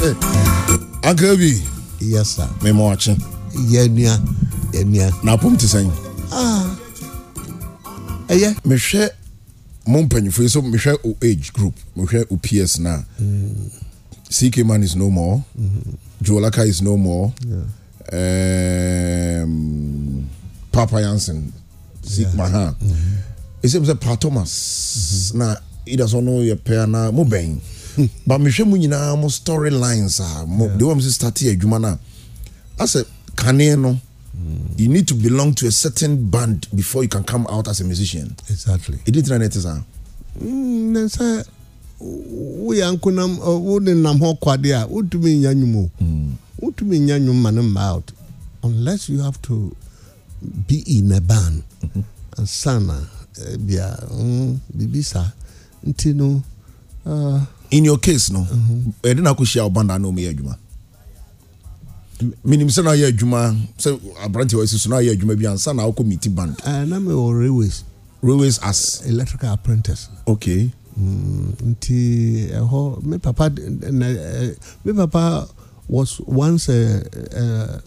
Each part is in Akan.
Eh, Uncle B. Yes, sir. Me mo achi. Yenia. Yenia. Na pum ti sɛn. Ah. Ɛyɛ. Mehwɛ mo mpanyinfo yi so mehwɛ o age group Me share o PS na. Mm. CK Man is no more. Mm-hmm. Jolaka is no more. Yeah. Um, Papa Jansen. Zeke yeah. Mahan. Mm-hmm. Ɛsɛ mi sɛ Pa Thomas. Mm-hmm. Na Ida sɔ no yɛ pɛ ana mo bɛn. Mm-hmm. but mehwɛ mu nyinaa mo story lines a mo de wɔn sɛ start yɛ adwuma no a asɛ kane no you need to belong to a certain band before you can come out as a musician exactly ɛdi tena ne te saa ne sɛ woyɛ nkonam wode nam hɔ kwade a wotumi nya nwum o hmm. wotumi nya nwum ma ne mma out unless you have to be in a band mhm. ansana eh, bia mm, biribi saa nti no ah, in your case no ɛde na akɔhyia wo banda na ɔmɛyɛ adwuma menim sɛ na ɔyɛ adwuma sɛ aberante wasi so na ayɛ adwuma bi ansa na wokɔ meti band uh, na mewɔ railways railways as electrical apprentice okay mm, nti ɛhɔ eh, me papa na eh, eh, me papa was once a, a,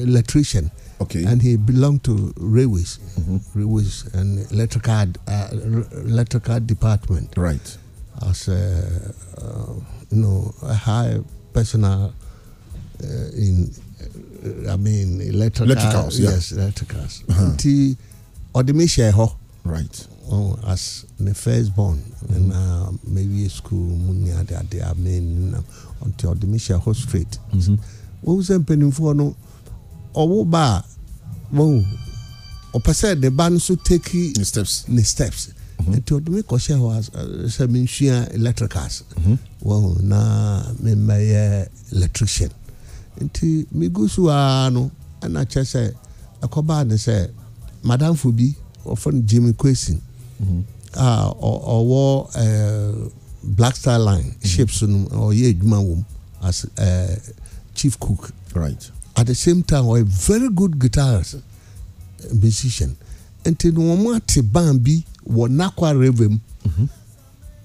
electrician Okay. And he belonged to railways, mm-hmm. railways and electrical uh, electrical department. Right. as a, uh, you know a high personal uh, in uh, I mean electrical electricals yeah. yes electricals uh-huh. nti ɔde mi hyɛ right oh, as ne first born mm. na maybe school mu ni ade ade amen na nti ɔde mi hyɛ hɔ straight wɔn sɛ mpanimfoɔ no ɔwɔ ba a wɔn ɔpɛ sɛ ne ba no so take ne steps ne steps. Mm-hmm. nti ɔde mekɔhyɛ hɔ eh, sɛ mensua electricals mm-hmm. wahu na memmɛyɛ electrician nti megu so aa no ɛna kyɛ sɛ ɛkɔbaa ne sɛ madamfo bi wɔfrɛ no jimmy question mm-hmm. a ɔwɔ eh, black star line ships no ɔyɛ adwuma wɔ as uh, chief cook right at the same time ɔyɛ very good guitarist musician nti no wɔn ate ban bi. Wanakwa River. Mm-hmm.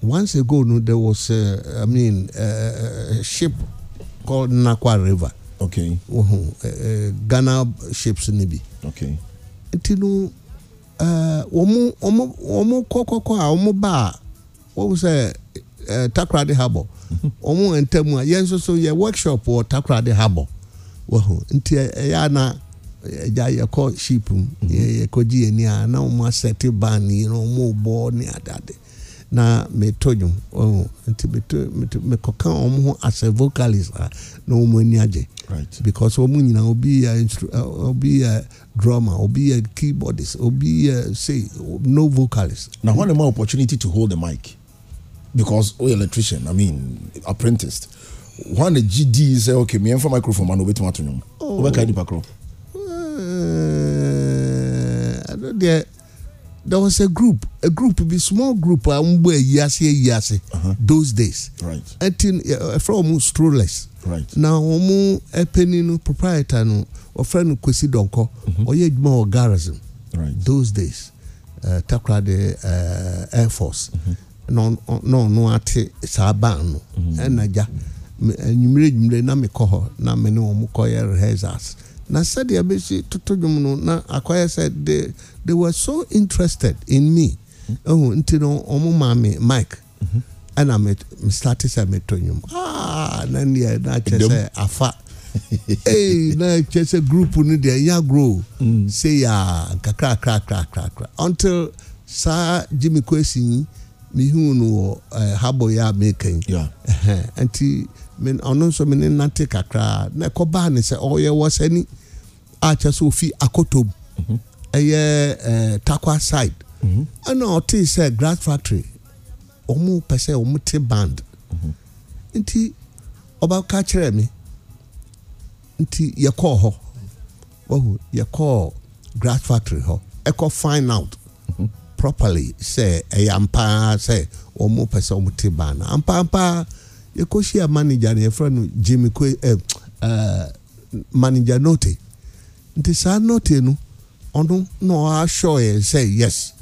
Once ago, no, there was, a I mean, uh, a ship called Nakwa River. Okay. Uh, Ghana ships nibi. Okay. Nti no, wɔn wɔn wɔn kɔkɔkɔ a wɔn ba a wɔn sɛ Takoradi Harbour. Wɔn ntam a yɛn nso so yɛ workshop wɔ Takoradi Harbour. Nti ɛyɛ ana. ɛgya yɛkɔ ship mu yɛkɔgye mm-hmm. yɛni a na wɔn asɛte ban yi na wɔn rebɔ ne adade na meto dwom ɔmo nti meto meto mekɔka wɔn ho asɛ vocalist a na wɔn ani agye because wɔn nyinaa obi yɛ eh, obi yɛ drummer obi yɛ keyboardist obi yɛ say no vocalist. na wɔn de ma opportunity to hold the mic because o oh, yɛ electrician i mean apprentice wɔn de gd sɛ okay mi n fa microphone ma na o bɛ tuma to nwom o bɛ ka nipa koro. ɛno eh, there was a group a group bi small group a n bɔ ase ase those days ɛti ɛfrɛ wɔn strollers na wɔn ɛpɛni no proprietor no ɔfrɛ no kwesi dɔnkɔ mhm. ɔyɛ wɔ those days takra air force mhm. na ɔno ate saa ban no mhm. ɛna gya na mi kɔ hɔ na mi na sɛdeɛ bɛsi toto dwom no na akɔyɛ sɛ they they were so interested in me ɛhu nti no ɔmo maa mi mic ɛna mi mi start sɛ mi to dwom aa ah, na neɛ na kyɛ sɛ afa ee na kyɛ sɛ group ni deɛ nya grow mm. say ya kakra kakra kakra kakra until saa jimmy kwesi yi mi hu no wɔ ɛɛ habo ya mi kɛn ɛhɛn nti ɔno nso mi ne nante kakra na ɛkɔ baa ne sɛ ɔyɛ wɔ sɛni a kyerɛ sɛ ofi akotom mhm. ɛyɛ eh, takwa side mhm. ɛna ɔte sɛ grass factory wɔn pɛ sɛ wɔn te band mhm. nti ɔbɛka kyerɛ mi nti yɛkɔɔ hɔ wahu yɛkɔɔ grass factory hɔ ɛkɔ find out properly sɛ ɛyɛ ampaa sɛ wɔn pɛ sɛ wɔn te band ampampaa yɛkɔ hyia manager no yɛfrɛ no jimmy kwe ɛɛ eh, eh, manager note nti saa nɔɔte no ɔno na ɔahyɛ yɛ sɛ yes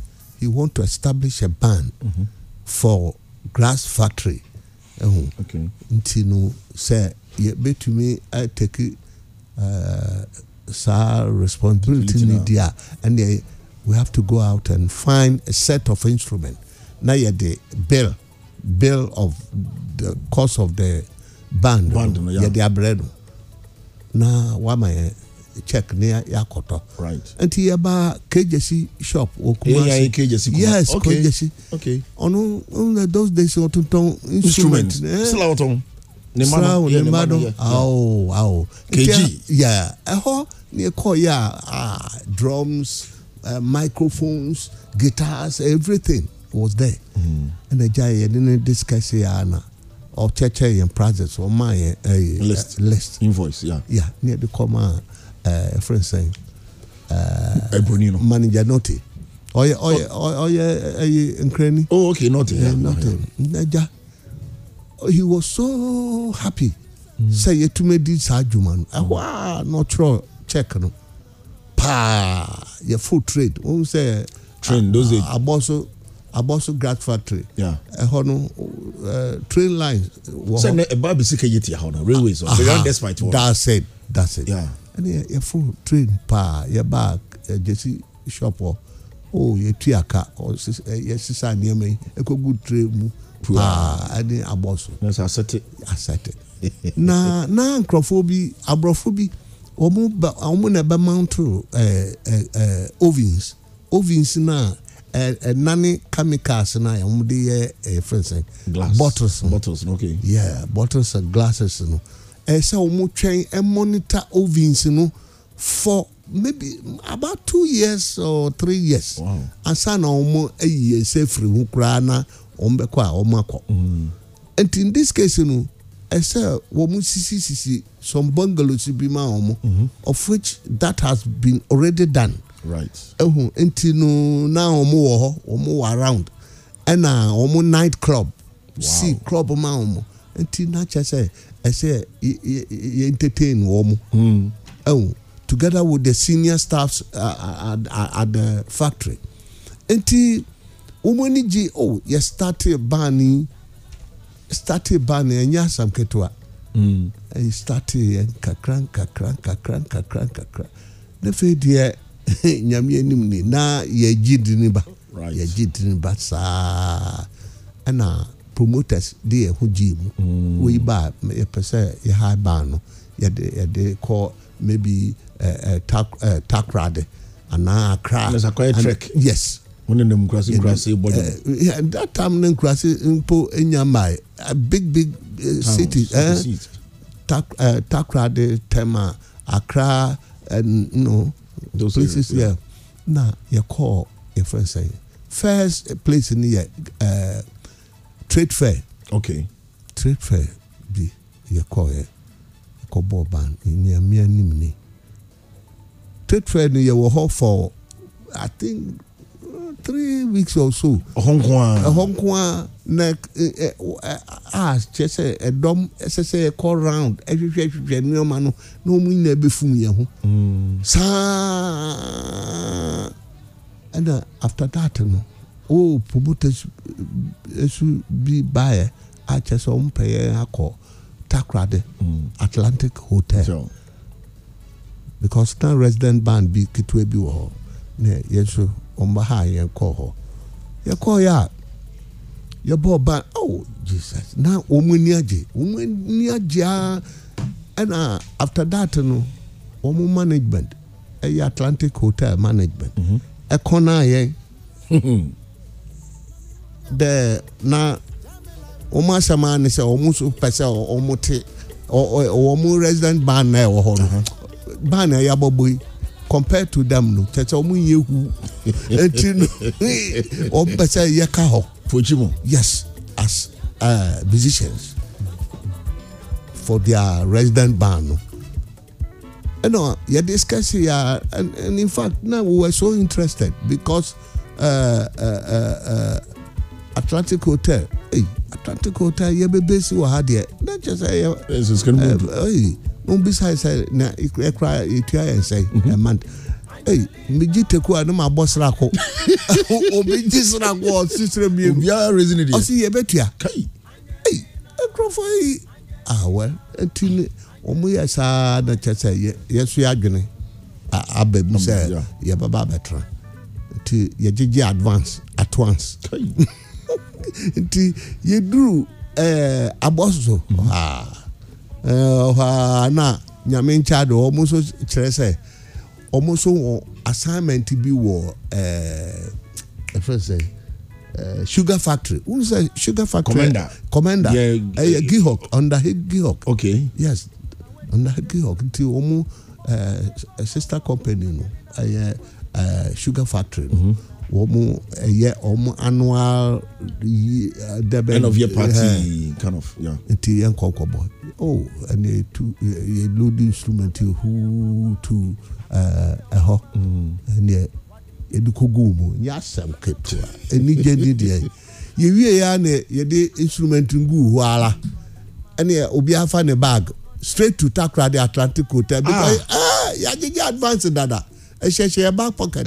he want to establish a ban mm -hmm. for grass factory ɛho okay. nti no sɛ yɛbɛtumi ataki uh, eh, saa responsibility ni di a ɛnna we have to go out and find a set of instrument na yɛde bill bill of the cost of the band yɛde abrɛ no na wama yɛn check ne yakɔtɔ right. nti yaba kejesi shop wɔ kumasi eya ye kejesi kumasi yes okay. kejesi okay. ɔno ɔno those days ɔtuntun instrument silawo tɔn ne ma dɔn ne ma dɔn awo awo keji ya ɛhɔ ni ɛkɔ ya drums uh, microphones guitars everything was there ɛna hmm. gya yɛ ne ne discuss yɛ ana ɔkyɛkyɛ yɛn prices ɔmaa yɛn list list invoice ya ya ne yɛ de kɔ maa ɛfrɛ sɛn ɛbroni no manager nɔte ɔyɛ ɔyɛ ɔyɛ oh. ɛyɛ nkrani. oh okay nɔte ya nɔte n'agya he was so happy mm. sɛ yɛtumi di saa adwuma no ɛhɔ a n'ɔtwerɛ check no paa yɛ full trade ohun sɛ. train those days ah, abɔ so. Abosu grad factory ɛhɔ no train lines wɔ hɔ sɛ ɛbaa bi sika yɛ tia hɔ na railways ɔsɛ yɛn despite wɔn daasɛn daasɛn ɛni yɛfo train paa yɛbaa jesi shop hɔ o yɛtu aka yɛsisa nneɛma yi ɛkɔgu train mu paa ɛni abɔso asɛte asɛte na na nkurɔfoɔ bi aborɔfo bi wɔn ba wɔn na ɛbɛ mount ɛɛ ɛɛ ovens ovens naa ɛnane chemicals na ɛmo de yɛ ɛfrɛ sɛ bottles bottles okay yeah bottles and glasses no ɛsɛ wɔn twɛn ɛmonitor ovens no for maybe about two years or three years wow. asa na wɔn ayi ɛsɛ firi ho koraa na wɔn bɛkɔ a wɔn akɔ mm-hmm. nti in this case no ɛsɛ wɔn sisisisi some bungalows bi ma wɔn mm-hmm. of which that has been already done right ehu nti no na wɔn wɔ hɔ wɔn wɔ around ɛna wɔn night club wow. see club ma wɔn nti na kyɛ sɛ ɛsɛ yɛ entertain wɔn mm. together with the senior staffs uh, at, at, the factory nti wɔn ani gye oh yɛ start ban yi start ban yi ɛnyɛ asam ketewa ɛyi hmm. start yɛ nkakra nkakra nkakra nkakra ne fɛ deɛ. nyame anim ni na yɛgye dini ba yɛgye dini ba saa ɛna promoters de yɛn ho gyee mu mm. woyi ba yɛpɛ sɛ yɛha ban no yɛde yɛde kɔ maybe uh, uh, tak, uh, takrade anaa akra and, yes wọn nana nkurasi nkurasi bɔdɔ. yeah that time na nkurasi mpo enyama big big uh, city uh, takrade tema akra uh, no those places yeah. na yɛkɔɔ yɛfrɛ sɛ first place ni yɛ uh, trade fair. okay trade fair bi yɛkɔɔ yɛ yɛkɔ bɔɔ ban nneɛma anim ni trade fair ni yɛwɔ hɔ for i think uh, three weeks or so. ɛhɔn kwan ɛhɔn uh, kwan na a kyɛ sɛ ɛdɔm ɛsɛ sɛ ɛkɔ round ɛhwehwɛ ɛhwehwɛ nneɛma no na wɔn nyinaa bɛfum yɛn ho mm. saa ɛna after that no o promoters esu bi baayɛ a kyɛ sɛ wɔn pɛ yɛn akɔ takrade mm. atlantic hotel because na resident band bi ketewa bi wɔ hɔ na yɛn nso wɔn ba ha yɛn kɔɔ hɔ yɛn kɔɔ yɛ a yɛbɔ ɔbaa oh jesus na wɔn ani agye wɔn ani agye a ah. ɛna ah, after that no wɔn management ɛyɛ eh, atlantic hotel management ɛkɔn mm-hmm. eh, hmm. na yɛn dɛ na wɔn asɛm a ne sɛ wɔn nso pɛ sɛ wɔn te wɔn resident ban na ɛwɔ hɔ no uh-huh. ban na ɛyɛ abɔbɔ yi compared to them no kyerɛ sɛ wɔn nyɛ hu eti eh, no wɔn pɛ sɛ ka hɔ. Pochimo. Yes, as uh, musicians for their resident band. You know, you discuss here, and, and in fact, now we were so interested because uh, uh, uh, uh Atlantic Hotel, hey, Atlantic Hotel, you be busy with her there. Not just say, uh, yes, it's going to be. Uh, hey, besides, na, cry, you cry and say, mm-hmm. a month ee mbegye teku a ne ma bɔ srako obegye srako ɔsisire mmienu obiara reason deɛ ɔsi yɛ bɛtua kai ee nkurɔfo yi awɛ eti ne wɔn yɛ saa na kyɛ sɛ yɛ yɛso adwene aba mu sɛ yɛbɛba abɛtena nti yɛgyegye advance advance nti yɛduru ɛɛ abɔsoso mhm. ɔhaa ɛɛ ɔhaa na nyame nkyɛn do wɔn nso kyerɛ sɛ wɔn nso wɔ assignment bi wɔ ɛɛ ɛfɛ sɛ sugar factory n sɛ sugar factory commander commander ɛyɛ yeah, eh, Gihok under underhead gihok okay yes under underhead gihok nti wɔn ɛɛ sister company no ɛyɛ ɛɛ sugar factory Mm -hmm wɔn ɛyɛ wɔn annual yi dɛbɛ end of year party eh, kind of yeah. nti yɛn kɔ kɔbɔ oh ɛni etu yɛ load instrument huu tu ɛhɔ ɛni yɛde kɔ gu mu nyɛ asɛm ketewa anigye ni deɛ yɛwie ya na yɛde instrument gu hɔ ara ɛni obi afa ne bag straight to takra the atlantic hotel ah. because ah. ah, yɛagyegye advance dada ɛhyehyɛ yɛ back pocket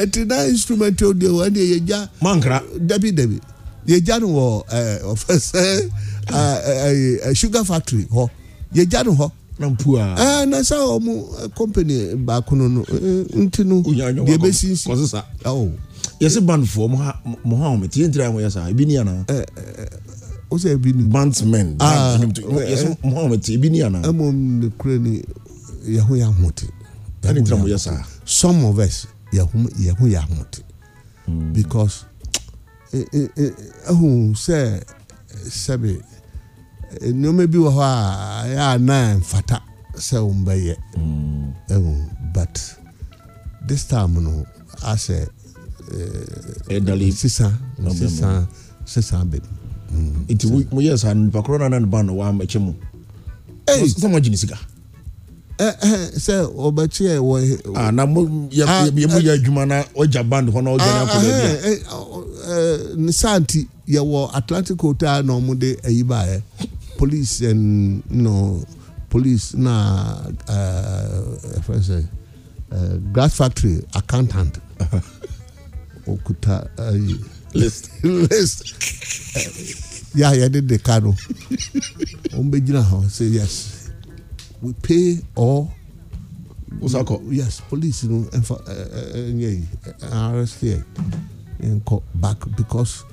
ɛti na instrument o deɛ wɔn deɛ yɛgya mankra dabi dabi yɛgya no wɔ ɛɛ ɔfɛsɛ ɛɛ ɛɛ sugar factory hɔ yɛgya no hɔ na mpua ɛɛ na sɛ ɔmo company baako no no nti no deɛ bɛ sinsin kɔsisa ɛwɔ yɛsɛ bandfoɔ mo ha mo ha ɔmo tie ntira ɛho yɛ saa ebi ni yana ɛɛ ɛɛ o sɛ ebi ni bandsmen yɛsɛ mo ha ɔmo tie ebi ni yana ɛmɔ ne kure ni yɛho yɛ ahoɔden ɛnitira mo yɛ saa some of us yɛho yɛho yɛ hmm. because eh, eh, eh, ɛhu sɛ sɛbi nneɛma bi wɔ hɔ a ɛyɛ anan mfata sɛ wɔn bɛyɛ hmm. ɛhu but this time no asɛ ɛdali sisan sisan sisan bɛ mu. Hmm. nti mo yɛ saa nipa koro nana ni ba na wa mɛkyɛ mu. ɛyi sɛ mo agyini sika. sɛ ɔbɛkye ɛwɔ he. Ah, na mo yɛ ah, eh, adwuma na ɔgya band hɔ na ɔgya ne ah, akɔda bi eh, eh, ne santi yɛwɔ atlantic hotel na ɔmo de ayi police and no police na ɛfɛ sɛ glass factory accountant okuta ayi. list list yà yà de de ka no ɔmo bɛ gyina hɔ say yes. we pay or. Osako. Yes, police no ɛnfa ɛnyɛ yi arrest yɛ nkɔ back because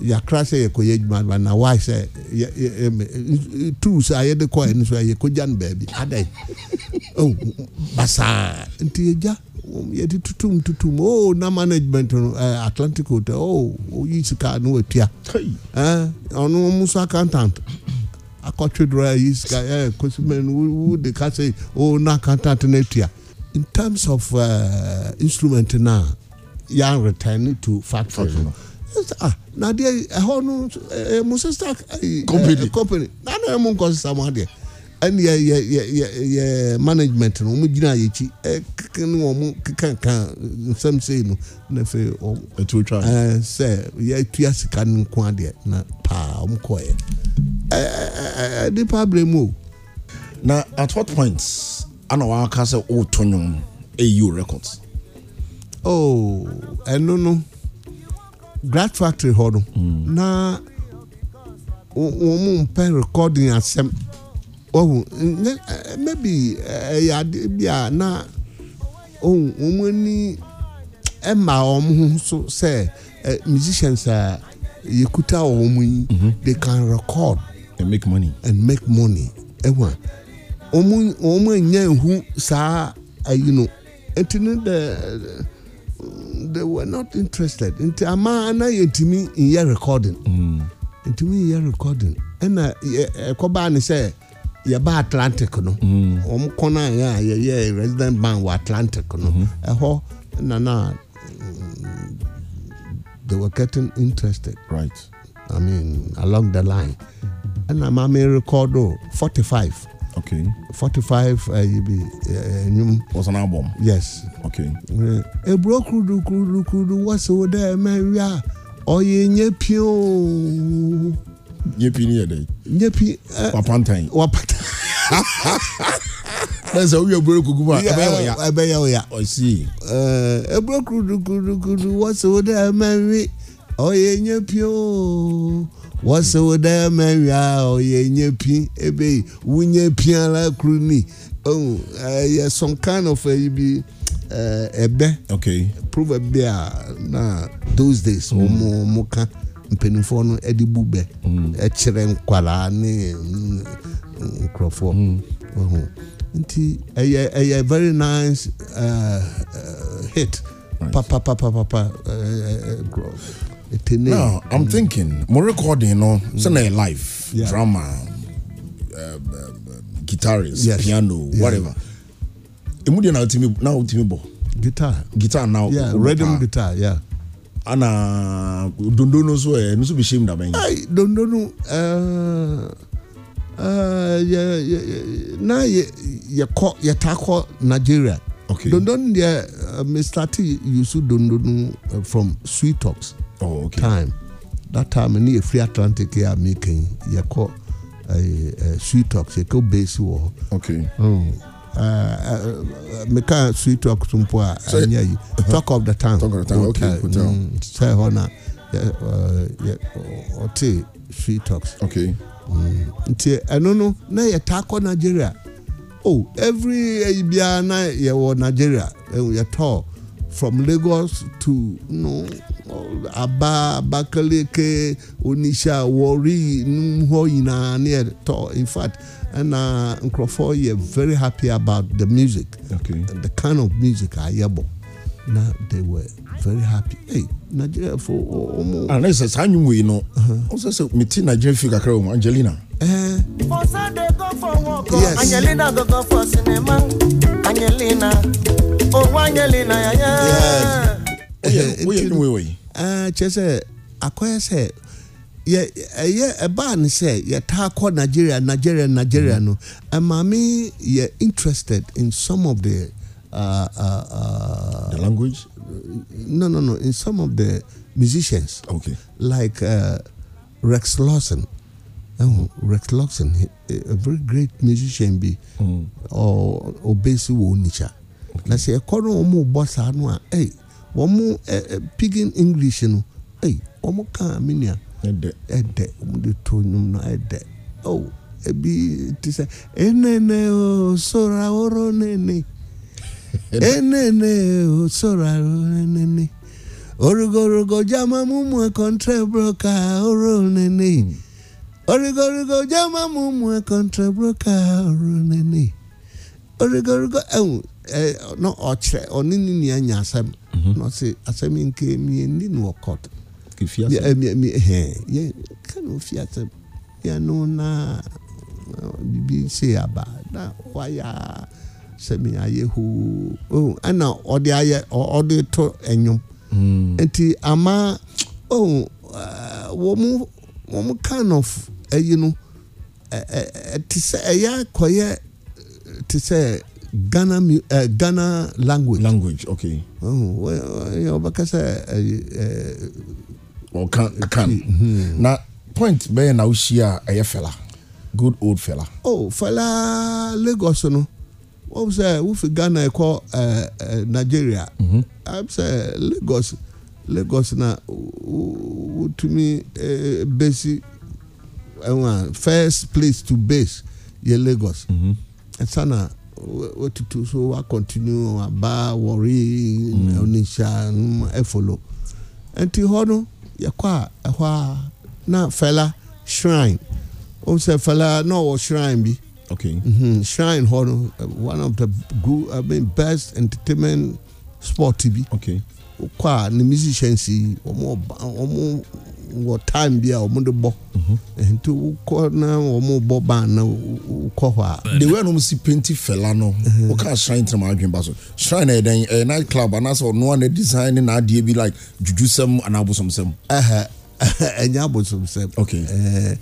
yakra sɛ yɛkɔ yɛ adwuma adwuma na why sɛ yɛ yɛ mɛ eh, tools a yɛde kɔ yɛ no so yɛkɔ gya no baabi adan ah, oh basaa nti yɛ gya um, yɛde tutum tutum oh na management no uh, atlantic hotel oh oyi oh, sika no watua ɛn ɔno eh, ɔmo so accountant akɔtwedorɔ a yi sika ɛ kosimen wu de ka se o oh, na kanta tena tua in terms of uh, instrument na yan return to factory no ah na deɛ ɛhɔ no ɛ mu sista company company na na mu nkɔ sisa mu adeɛ ɛni yɛ yɛ yɛ yɛ management no wɔn gyina yɛ akyi ɛ keke ne wɔn kekankan nsɛm sei no na fɛ wɔn ɛtuotwa ɛɛ eh, sɛ yɛ tua sika ne nko adeɛ na paa wɔn kɔɛ. Eh, eh, eh, nipa abere mu o. na at what point ana waka sɛ ɔretɔ nnwom ɛyi o records. oh ɛno no grad factory hɔ no hmm. na wɔn mu mpɛ recording asɛm ɔhu maybe ɛyɛ bi na wɔn mu so sɛ musicians a they can record. and make money. and make money ɛwɔ wɔn wɔn nyɛ ihu saa ayi ah, no nti ne dɛ they were not interested nti ama ana yɛntumi nyɛ recording mm. ntumi nyɛ recording ɛna ɛkɔbaa ne sɛ yɛba atlantic no wɔn mm. kɔn a yɛ a yɛyɛ resident band wɔ atlantic no ɛhɔ mm-hmm. nana mm, they were getting interested right i mean along the line ɛna maame rekɔdo forty five. okay. forty five ɛyi eh, bi ɛnum. Eh, was an album. yes. okay. Eh, eburo kudu kudu kudu wɔsiwo dɛ mɛwia ɔyɛ nye pio. nye pi ni yɛ dɛ. nye pi ɛ wapantan. wapantan. nẹsẹ o yẹ eburo kuku ma ẹ bẹ yà ọya ẹ bẹ yà ọya ọsi. ẹ eburo kudu kudu kudu wọ́n sọ wọ́n dẹ́ ẹ nye pio wɔsi wo dɛ mɛwia ɔyɛ nye pi ebe wunye pi ala kuru ni ohun ɛyɛ some kind of ɛyi bi ɛbɛ okay proverb a na those days wɔn mo ka mpanimfoɔ no ɛde bu bɛ ɛkyerɛ nkwaraa ne nkurɔfoɔ ohun nti ɛyɛ ɛyɛ very nice uh, uh, hit papapapapa ɛɛ ɛɛ etene. now i'm mm. thinking mo recording no mm. sẹ na ye live yeah. drama uh, uh, guitarist yes. piano yeah. whatever emu de na otimi na otimi bọ. guitar guitar now yeah rhythm guitar yeah. ana dondo no so ẹ eh, nusu bi shame daban. ayi dondo no uh, eh, uh, eh, yɛ yɛ na yɛ yɛ kɔ yɛ ta kɔ nigeria. okay dondo deɛ uh, mr t yusu dondo no uh, from sweet talks oh, okay. time that time ne yɛ free atlantic a sweet yɛkɔ sweetox yɛkɔ base wɔ hɔ meka talk. so mpo a ɛnyɛ yi uh-huh. talk of the town sɛ hɔ mm, na ɔte uh, sweetox mm, nti ɛno no na yɛtaa kɔ nigeria oh every ɛyi eh, biara na yɛwɔ nigeria eh, yɛtɔ from lagos to no abakaleke oníṣẹ́ awọrí inú nyinaa ne yɛ in fact ɛna nkurɔfoɔ yɛ very happy about the music okay. the kind of music a yɛ bɔ na they were very happy hey nigeria fo ɔmo. ana ah, sɛ saa anyi wo yi no ɔsɛ uh-huh. sɛ mi ti nigeria fi kakra o angelina. Eh. Oh. yes angelina gogo oh, Yes woyɛ dwuma wɔ yi kyerɛ sɛ akɔyɛ sɛ yɛ ɛyɛ ɛbaa ne sɛ yɛtaa kɔ nigeria nigeria nigeria mm-hmm. no maame yɛ interested in some of the uh, uh, uh, the language no no no in some of the musicians okay like uh, rex lawson Oh, Rex Lawson, a very great musician bi mm. or obesi wo nicha. Okay. Na sɛ ɛkɔ no ɔmo bɔ saa no a, ɛy, wɔn pidgin english no ɛyi wɔn kan Aminia ɛdɛ ɛdɛ wɔn de to nnwom no ɛdɛ ɔwɔ ebi ti sɛ enene o sora oro nene enene o sora oro nene orugorogo jama mumu ekɔntrɛ broka oro nene hmm. orugorogo jama mumu ekɔntrɛ broka oro nene orugorogo ɛwɔ. ɛ na ɔkyerɛ ɔne ne nua nya asɛm na ɔsi asɛm yi nke mie ni no wɔ kɔt efi asɛm yɛ eh, mie mie hɛn yɛ kan ofi asɛm yɛ no bibi se aba na waya sɛmi ayɛ hoo oh ɛna ɔde ayɛ ɔde to ɛnyom hmm. nti ama oh wɔn eh, wɔn kind of ɛyi no ɛ ɛ ɛ ti sɛ ɛyɛ akɔyɛ ti sɛ. Ghana uh, Ghana language. Language, okay. Ọba oh, kasa. Ọkan eh, eh, kan. Mm-hmm. Na point bẹ́ẹ̀ na o ṣi a ẹyẹ fẹla good old fẹla. O oh, fẹla Lagos no wọ́n sẹ́ wọ́n Ghana ẹ̀kọ́ uh, uh, Nigeria. Mm -hmm. Lagos Lagos na wotumi uh, base uh, first place to base yẹ Lagos. Mm -hmm. Ẹ̀sán wotutu so wakɔntinu aba wɔri mm. onitsha ɛfolo nti hɔ no yɛkɔ a ɛhɔ a na fɛla shrine o sɛ fɛla na ɔwɔ shrine bi okay mm-hmm. shrine hɔ no one of the good i mean best entertainment sport bi okay kɔ a ne musicians yi wɔn wɔ time bi a wɔn de bɔ mhm. nti wokɔ na wɔn bɔ ban na wokɔ hɔ a. de wia na wɔn si penti fɛla no mhm. wɔka shrine tẹnum adwene ba so shrine na yɛ dɛn ɛyɛ night club anaasɛ ɔnoa na design ne n'adeɛ bi like juju sɛm anaa abosom sɛm. ɛhɛ ɛnyɛ abosom sɛm. okay ɛɛ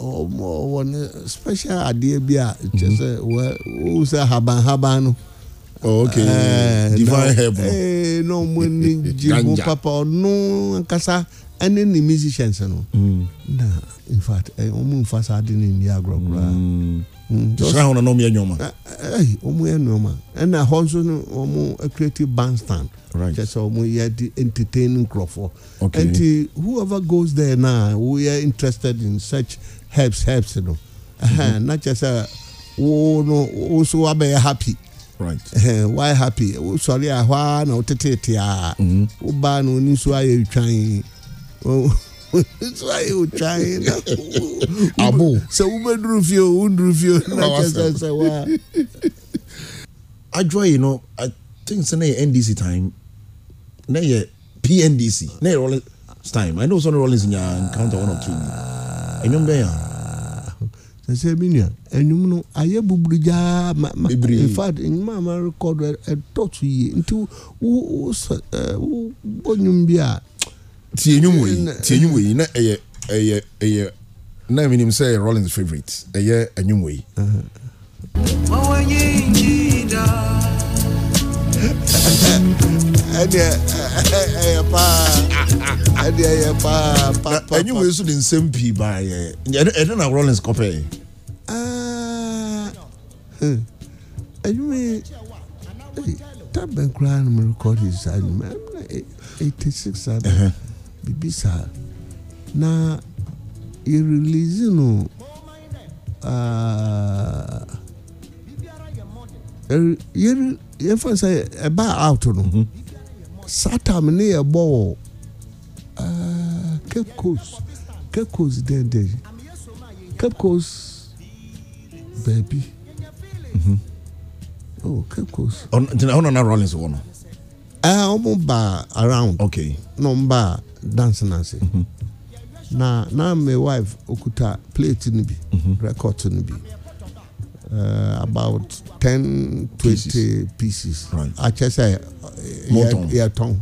wɔn wɔn special adeɛ bi a kyerɛ mhm. sɛ wɔ wɔn sɛ habanhaban no. Oh, okay uh, divine help no. ɛɛ na wɔn ani gye papa ɔno ankasa ɛne ne musicians no na infact ɔmo nfa saa de ne nni agorɔ koraa sra ho na na ɔmo yɛ nneɛma ɔmo yɛ nneɛma ɛna hɔ nso no ɔmo creative bandstand kyɛ sɛ ɔmo yɛ de entertain Okay, nti whoever goes there na woyɛ interested in such herbs herbs no na kyɛ sɛ wo no wo nso wabɛyɛ happy right. Eh, why happy wosɔre a hɔ a na wotetete a mm-hmm. woba na oni so that's why you trying. Abo. Sɛ wobɛduru fie o, wonduru fie o, na kyerɛ sɛ wa. Adwa yi no, I think sɛ na yɛ NDC time, na yɛ PNDC, na yɛ Rollins time. I know sɛ na Rollins nya encounter one or two. Ɛnyɔm bɛyɛ a. Sɛsɛ mi nua, ɛnum no ayɛ buburu gyaa ma ma in fact ɛnum a ma rekɔdu ɛtɔ so yie nti wo wo sɛ ɛɛ wo bɔ nnwom bi a tie nwom wɔ yi tie nwom wɔ yi na ɛyɛ ɛyɛ ɛyɛ na mi nim sɛ ɛyɛ rollins favourite ɛyɛ nwom wɔ yi. ɛdeɛ ɛyɛ paa ɛdeɛ ɛyɛ paa paa paa nwom wɔ yi nso de nsɛm pii baa yɛ ɛde na rollins kɔpɛ. ɛnwom hm. yi eh, tabɛn koraa na mo rekɔdi saa nwom e, eighty six bibi saa na irilizi no yɛfa sɛ ɛba out no satam ne yɛbɔ wɔ cape coast cape coast dɛndɛn cape coast baabi mm-hmm. oh cape coast. ɔn ɔn nana rollins wɔ no. ɛ ɔmu ba around. okay. na ɔmu ba dance nansi mm mm-hmm. na na my wife okuta plate ni bi mm -hmm. record ni bi uh, about ten twenty pieces akyɛ sɛ yɛ tɔn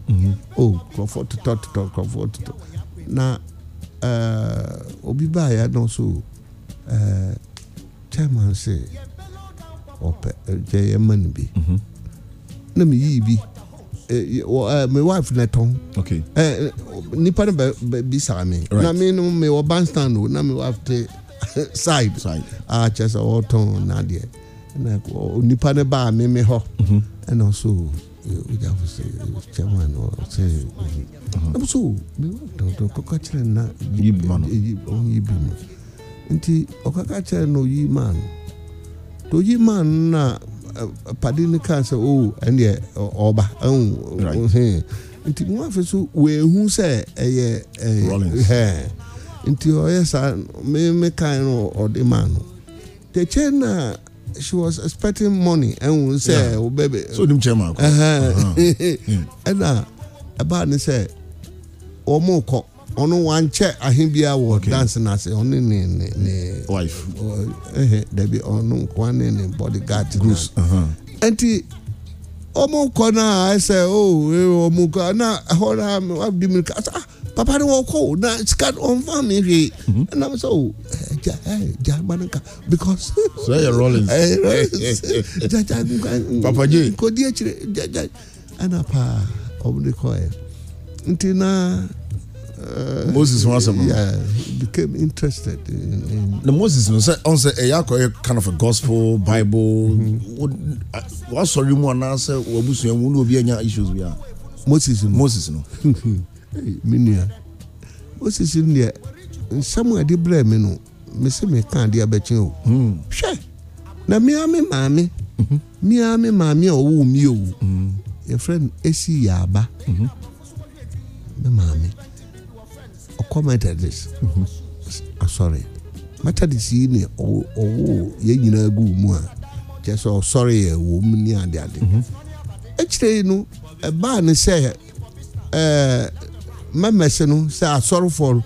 o nkurɔfoɔ totɔ totɔ nkurɔfoɔ totɔ na uh, obi baa yɛ no so uh, chairman sɛ ɔpɛ ɛkyɛ yɛ ma no bi mm-hmm. na meyiyi bi my wife na tɔn okay. eh, nipa ni bɛ bi sa mi right. na mi no mi wɔ ban stand o na mi wife te side side a kyɛ sɛ ɔtɔn n'adeɛ ɛna nipa ni ba mi mi hɔ ɛna so ɔjà fo sɛ chairman sɛ ɛna so mi wife tɔntɔn kɔkɔ kyerɛ na yi bi ma no yi bi ma nti ɔkɔkɔ kyerɛ na oyi ma no to yi man na pade no kaa sɛ o ɛneɛ ɔba nti mu afei so wɔahu sɛ ɛyɛ nti ɔyɛ saa me kan no ɔde ma no tɛkyɛ na she was expecting money ɛhu sɛ ɔbɛbɛ so nim kyɛ ma ɛna ɛbaa ne sɛ wɔn kɔ. ɔno wankyɛ ahenbia wɔ dance na ase ɔne ne ne ne wife ɛhɛ dabi ɔno nkoa ne ne body guard na ɛnti ɔmo kɔ na ɛsɛ o ɔmo kɔ na ɛhɔ na wabidi mi ka ah papa ni na sika ɔnfa mi hwee ɛna sɛ o ja ɛ because. sɛ yɛ rollins ɛ rollins ja ja nka papa je nkodi ja ja ɛna paa ɔmo de kɔ yɛ Uh, Moses was a man. yeah, became interested in, in the Moses no say on say eya ko kind of a gospel Bible. Mm-hmm. What sorry mu ana say we busu emu no obi anya issues we are. Moses Moses no. Hey, minia. Moses no nsɛm a ɛde brɛ mi no mesi me kan adeɛ abɛkye o. hwɛ hmm. na mmea mi maame mmea mi maame a ɔwɔ mi mm-hmm. o yɛfrɛ no esi yaaba mi maame commented mm-hmm. this sorry. methodist yi ni ɔwɔ yɛn nyinaa gu mu a kyɛ sɛ ɔsɔre yɛ wɔ mu mm-hmm. ni ade ade ekyire yi no ɛbaa ni sɛ ɛɛ mɛmɛsi no sɛ asɔrefo no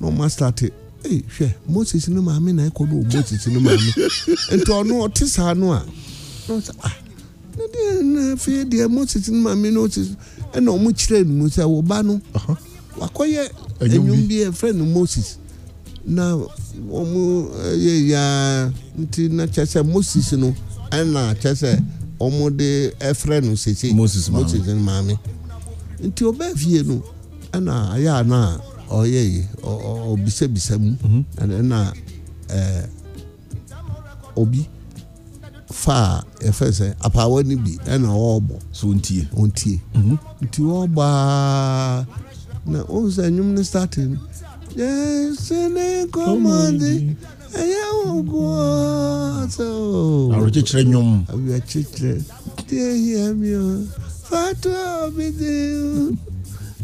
na ɔmo asate ee hwɛ moses ne maame na ɛkɔ no o moses ne maame nti ɔno ɔte saa no a ɔsɛ ah na deɛ na afei deɛ moses ne maame na ɔsi ɛna ɔmo kyerɛ no sɛ ɔba no uh-huh. wakɔyɛ. ɛnwom bi no moses na wɔn yɛ yaa nti na kyɛ sɛ moses no ɛna kyɛ sɛ wɔn de ɛfrɛ no sese moses maame nti ɔbɛn fie no ɛna ayɛ ana ɔyɛ yi ɔbisabisa mu ɛna mm-hmm. ɛɛ eh, obi fa a eh, apaawa bi ɛna so ntie ntie mm-hmm. na ohun sɛ nnwom no starte no yɛsene kɔmmɔde ɛyɛ wogoɔ sɛ awerɛkyekyerɛ nnwom awerɛkyekyerɛ deɛ hia mi o fato obede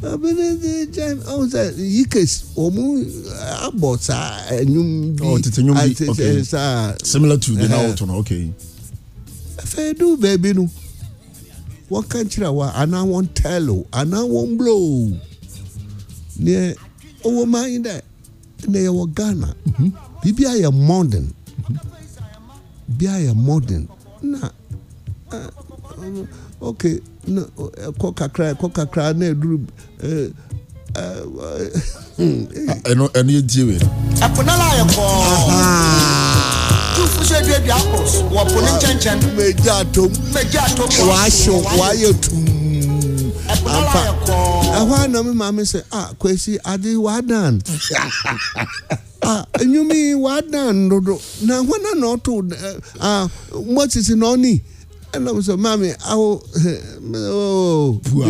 obede de gyam ohun sɛ yikes ɔmo abɔ saa e nnwom bi tete nnwom bi okay similar to the now to okay afei e du baabi no wɔn kankyerɛ wa anaa wɔn tɛlo anaa wɔn blow deɛ ɔwɔ man yi dɛ ɛna yɛwɔ ghana biribi ayɛ modern bi ayɛ modern na ah, um, ok na ɛkɔ eh, kakra ɛkɔ kakra na ɛduru ɛno eh, eh, ah, ɛno yɛ die wei. ɛponala ayɛ kɔɔ. tufu ah. se duadua apples wɔ po ne nkyɛnkyɛn. mɛ gye atom. mɛ gye atom. wàá tum. amfa ɛhɔ ana mi maame sɛ ah kwesi ade wadan ah waa wadan dodo na hɔ na na ɔto eh, ah mbɔ na ɔni ɛna sɛ maame awo eh, eh, ooo oh, pua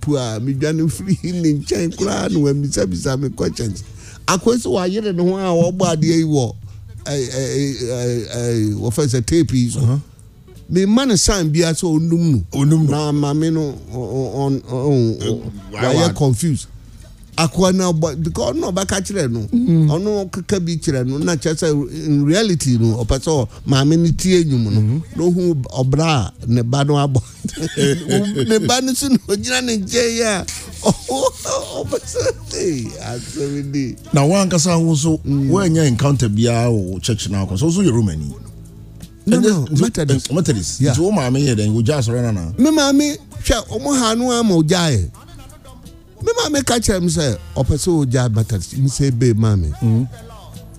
pua mi firi nkyɛn koraa na wɔn mi akwesi ne ho a wɔbɔ adeɛ yi wɔ ɛɛ ɛɛ ɛɛ wɔfɛ sɛ teepi so. Uh -huh. ma no sign bia sɛ ɔnum no na maame no wayɛ confuse akoa na ɔbɔ because ɔno ɔbɛka kyerɛ no mm. ɔno keka bi kyerɛ no na kyerɛ sɛ in reality no ɔpɛ sɛ maame tie enyim mm-hmm. na ɔbra a ne ba abɔ ne ba na ogyina ne nkyɛn ɔbɛ na ankasa ahosuo mm. encounter biara wɔ church na akɔ so so yɛ romani. no no methodist methodist nti o maame yɛ dɛ ogya asɔrɔ nana. mi maame hwɛ ɔmo ha no ama ogya yɛ mi maame ka kyerɛ mi sɛ ɔpɛ sɛ ogya methodist mi sɛ ebe maame mm.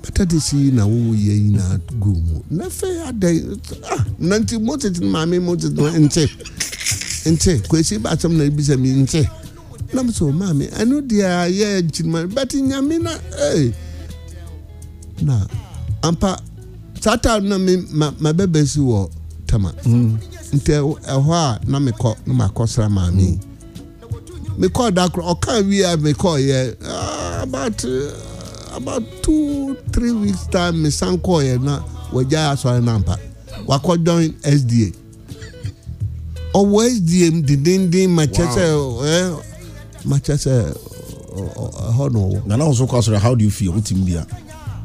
methodist yi na wo yɛ yi na go mu n'afɛ adan ah nanti moses ni maame moses ni nti nti kwesi baasɛm na ebi sɛ mi nti nam sɛ maame ɛno deɛ yɛ nkyirima bɛti nyame na ee eh. na ampa. saa time no me ma bɛbɛ si wɔ tama mm. nti ɛhɔ a na mekɔ na makɔ sra mi mm. mekɔ da koro ɔka wie a mekɔɔyɛ ah, about eh, about two three weeks time mesan kɔɔyɛ na wɔgyae asɔre nampa wakɔdɔn sda ɔwɔ sda mu dendenden makyɛ sɛ ɛ makyɛ sɛ ɛhɔ na ɔwɔ. nana nso kɔ asɔrɔ how do you feel o ti n bia.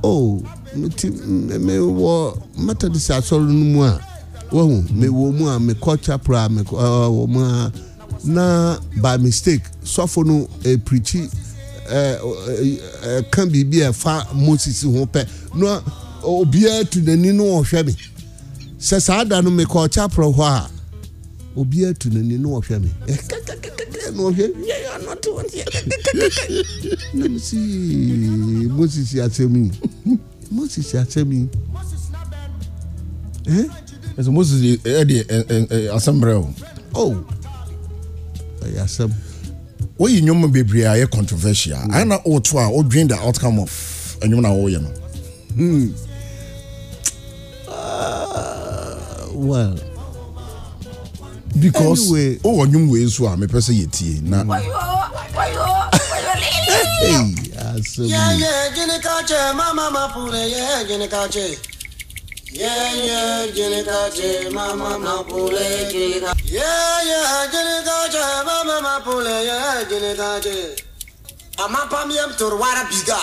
oh. nti mewɔ methodist asɔre no mu a wahu mewɔ mu a me culture pra me wɔ mu a na by mistake sɔfo no epirikyi ɛɛ ka biribi a ɛfa moses ho pɛ na obiara tu n'ani no ɔhwɛ mi sɛ saa da no me culture pra hɔ a obiara tu n'ani no ɔhwɛ mi ɛkɛkɛkɛkɛ na ɔhwɛ yɛ yɛ ɔnɔte wɔn yɛ kɛkɛkɛkɛ na mi si moses asɛm yi moses akyɛmi ɛ. ɛsɛ moses ɛdi asɛm brɛ o. o ɛyɛ asɛm. woyi nnwom bebree a yɛ controversial ayɛ na woto a wodwin the outcome of nnwom na wɔyɛ no. Hmm. Ah, well. because wowɔ nnwom wei so a mepɛ sɛ yɛtie na asem ni. yẹ́yẹ́ gíní ká jẹ máma máa fún rẹ̀ yẹ́yẹ́ gíní ká jẹ. yẹ́yẹ́ gíní ká jẹ máma máa fún rẹ̀ gíní ká. yẹ́yẹ́ gíní ká jẹ máma máa fún rẹ̀ yẹ́yẹ́ gíní ká jẹ. àmọ́ pàmìyàn tó wàrà bìgà.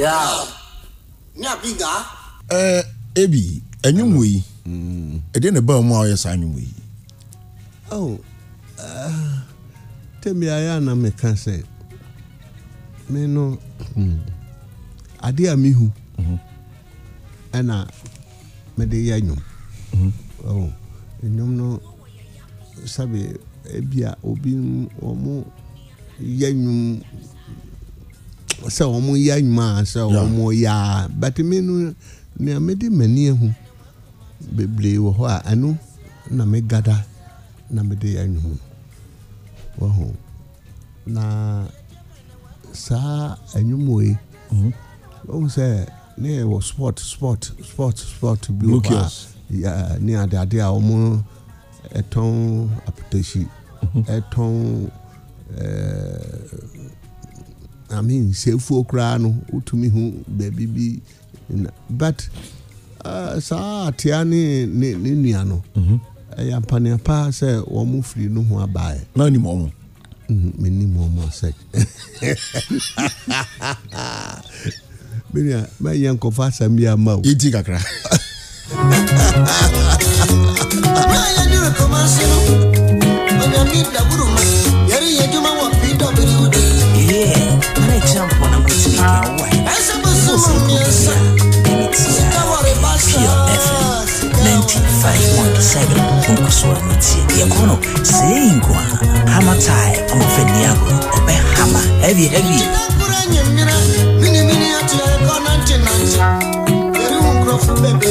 yáa. ní a bìgà. ẹ eh, ebi ẹnyìn wo yi ẹdín ní báwo mu a ọyẹ sáà ẹnyìn wo yi. ọ tẹ̀mí ayé àná mi kan sẹ́yìn. me no Mm. adeɛ a mehu mm-hmm. ɛna mede yɛ nnwom mm-hmm. nnwom no sabi ebia obi wɔn yɛ nnwom sɛ wɔn yɛ nnwom a sɛ wɔn yɛ a bati mi no nea mede m'ani ho bebree wɔ hɔ a ɛno na me gada na mede yɛ nnwom wɔ ho na saa enyimoe mhm. ohun sɛ ne yɛ wɔ sport sport sport sport bi wɔ hɔ a ne adeade a wɔn ɛtɔn apotɛsi mhm. ɛtɔn ɛɛ i mean sefuo koraa no wotumi ho baabi bi but uh, saa atea ne ne ne nua no mhm. ɛyɛ mm -hmm. e, ampaneapa sɛ wɔn firi no ho abaeɛ. na Mm, mi ní mo mọ sẹ mìíràn mẹyẹ nkọfà a ma o. iti kakra. báyà ni ma yẹ́rì yẹn ti rí kẹ́ wáyé. ẹsẹ̀ bó sọ̀rọ̀ mi ẹ̀sẹ̀. pure effort. 95.7 nkusuwaniti yɛkɔno sei nko a hama tae ɔmɔfɛ niago ɔbɛhama heavy heavy Minimini ati ɛkɔ 1990 Eri wo nkurɔfo bebe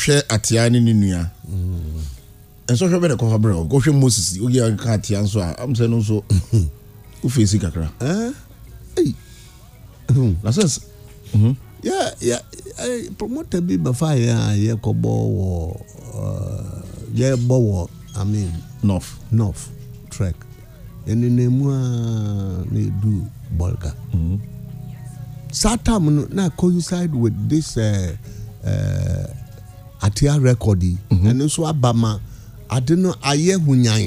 ɔhwɛ atea ne ne nua nso hwɛ bɛn kɔfa brɛ ɔhwɛ moses oyi a nka nso a amusɛn no nso wofeesi kakra. Eh? Hmm, na mhm. bi bɛfa yɛ a yɛkɔbɔ wɔ eh, yɛbɔ wɔ i mean north north trek ɛnenamu a na edu bɔlka mhm. saa tam no na coincide with this. Uh, uh, atea record yi mhm. ɛno nso aba ma ade no ayɛ hunyan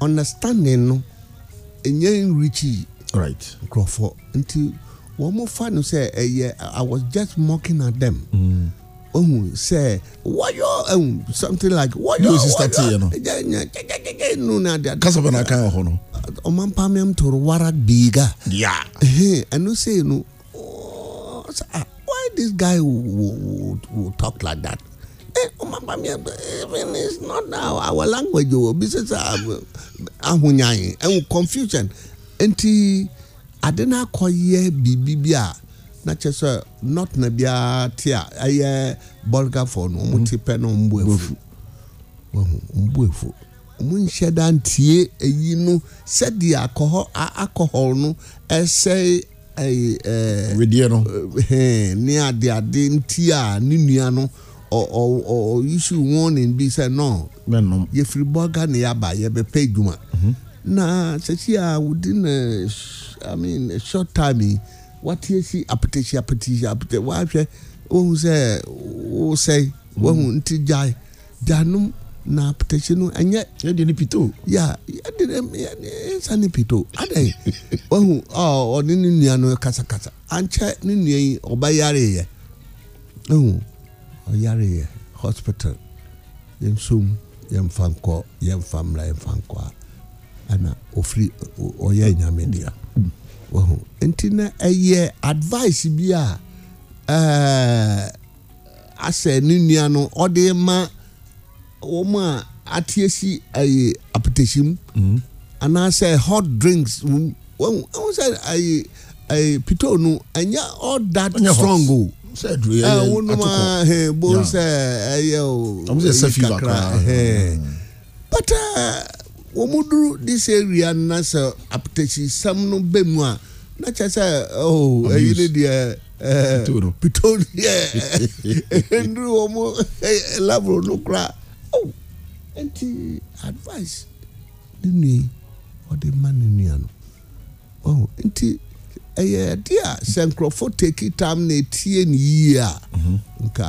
understanding no ɛnyɛ nrichi right nkurɔfoɔ nti wɔn mo fa no sɛ ɛyɛ i was just mocking at them. Mm. ohun sɛ wɔyɔ ehun something like wɔyɔ wɔyɔ sista ti yɛ no jɛjɛjɛjɛ nu na de. kasa bɛ na kan yɛ hɔ no. ɔman pamiam toro wara biiga. ya. ɛnu sɛ yen no ɔɔ ah, why this guy will, will, talk like that? Eh, eh, even it's not our, our language o oh, business uh, ahunyanyi ɛwɔ eh, confusion nti ade na akɔ yɛ biribi bi a na kyɛ not na biara te a ɛyɛ bɔlgafo no wɔn ti pɛ na nhyɛ dantie eyi no sɛdeɛ akɔhɔ akɔhɔ no ɛsɛe wedeɛ eh, eh, eh, no ne adeade nti a ne nua no ɔyisu warning bi sɛ no yɛfiri bɔga ne yɛaba yɛbɛpɛ adwuma na sɛsi a within a, I mean, short time yi wate si apetesi apetesi apete wahwɛ wohu sɛ wosɛe wahu nti gyae gyanom mm -hmm na apɛtɛkyɛ no ɛnyɛ yɛde ne pito ya yɛde ni nsa ne pito ada wahu ɔɔ ɔne ne nua no kasakasa ankyɛ ne nua yi ɔba yare yɛ ehu ɔyare yɛ hospital yɛn nso mu yɛn fa nkɔ yɛn fa mmra yɛn fa nkɔ a ɛna ofiri ɔyɛ nyamedea wahu nti na ɛyɛ advice bi a ɛɛ asɛ ne nua no ɔde ma wɔn a atie si ɛyɛ apetesi mu mm-hmm. anaasɛ hot drinks mu wɔn wɔn sɛ ɛyɛ ɛyɛ pitoo no ɛnyɛ all that strong o ɛ wɔn ma hɛn bo sɛ ɛyɛ o ɛyɛ kakra hɛn mm-hmm. but uh, wɔn duru this area na sɛ apetesi sam no bɛ mu a na kyɛ sɛ oh ɛyi ne deɛ. pitoo no pitoo no yɛ nduru wɔn laburo no kura nti advice ne nua yi ɔde ma ne nua no ɔho nti ɛyɛ ɛde a sɛ nkurɔfo take time na etie ne yie a mhm. nka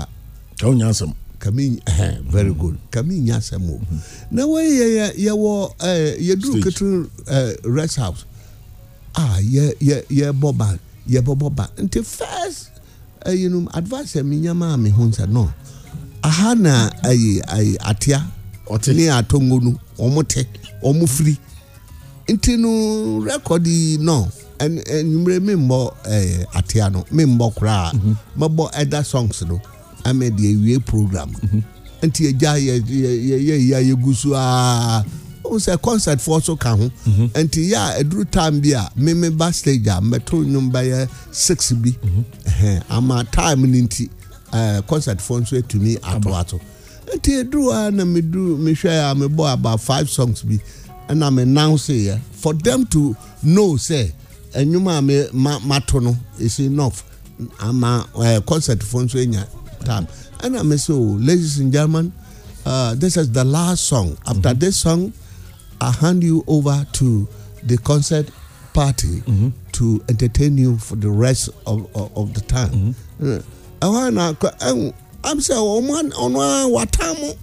kɛw nya asɛm kami ɛhɛn very good mhm. kami nya asɛm o mhm. na wɔyɛ yɛ yɛ wɔ ɛɛ yɛduru ketewa ɛɛ rest house a yɛ yɛ yɛ bɔ ban yɛ bɔ bɔ ban nti first ɛyinum advice mi nya maa mi ho nsɛ no aha na ɛyi ɛyi atia ɔte ne atongo no wɔn te firi nti no rekɔdi nɔ enyimire mi mbɔ ɛɛ atea no mi mbɔ koraa mɛbɔ ɛda songs no ɛmɛ de ewie program nti egya yɛ yɛ yɛ yɛ yɛ gu so aa ohun sɛ concert fo so ka ho nti yɛ a eduru time bi a mímí ba stage a mbɛto nnwom bɛyɛ six bi ama mm-hmm. time ni nti concert fo nso etumi ato ato nti eduru a na meduru mehwɛ a mebɔ about five songs bi ɛna me announce yɛ for them to know Say, enyuma a me ma ma to no is enough ama ɛɛ eh, concert fo nso enya time ɛna me say o oh, ladies and german uh, this is the last song after mm -hmm. this song i hand you over to the concert party mm -hmm. to entertain you for the rest of of, of the time mhm. eh, ɛhɔ na ɛhu am ɔmo ɔno a wata mo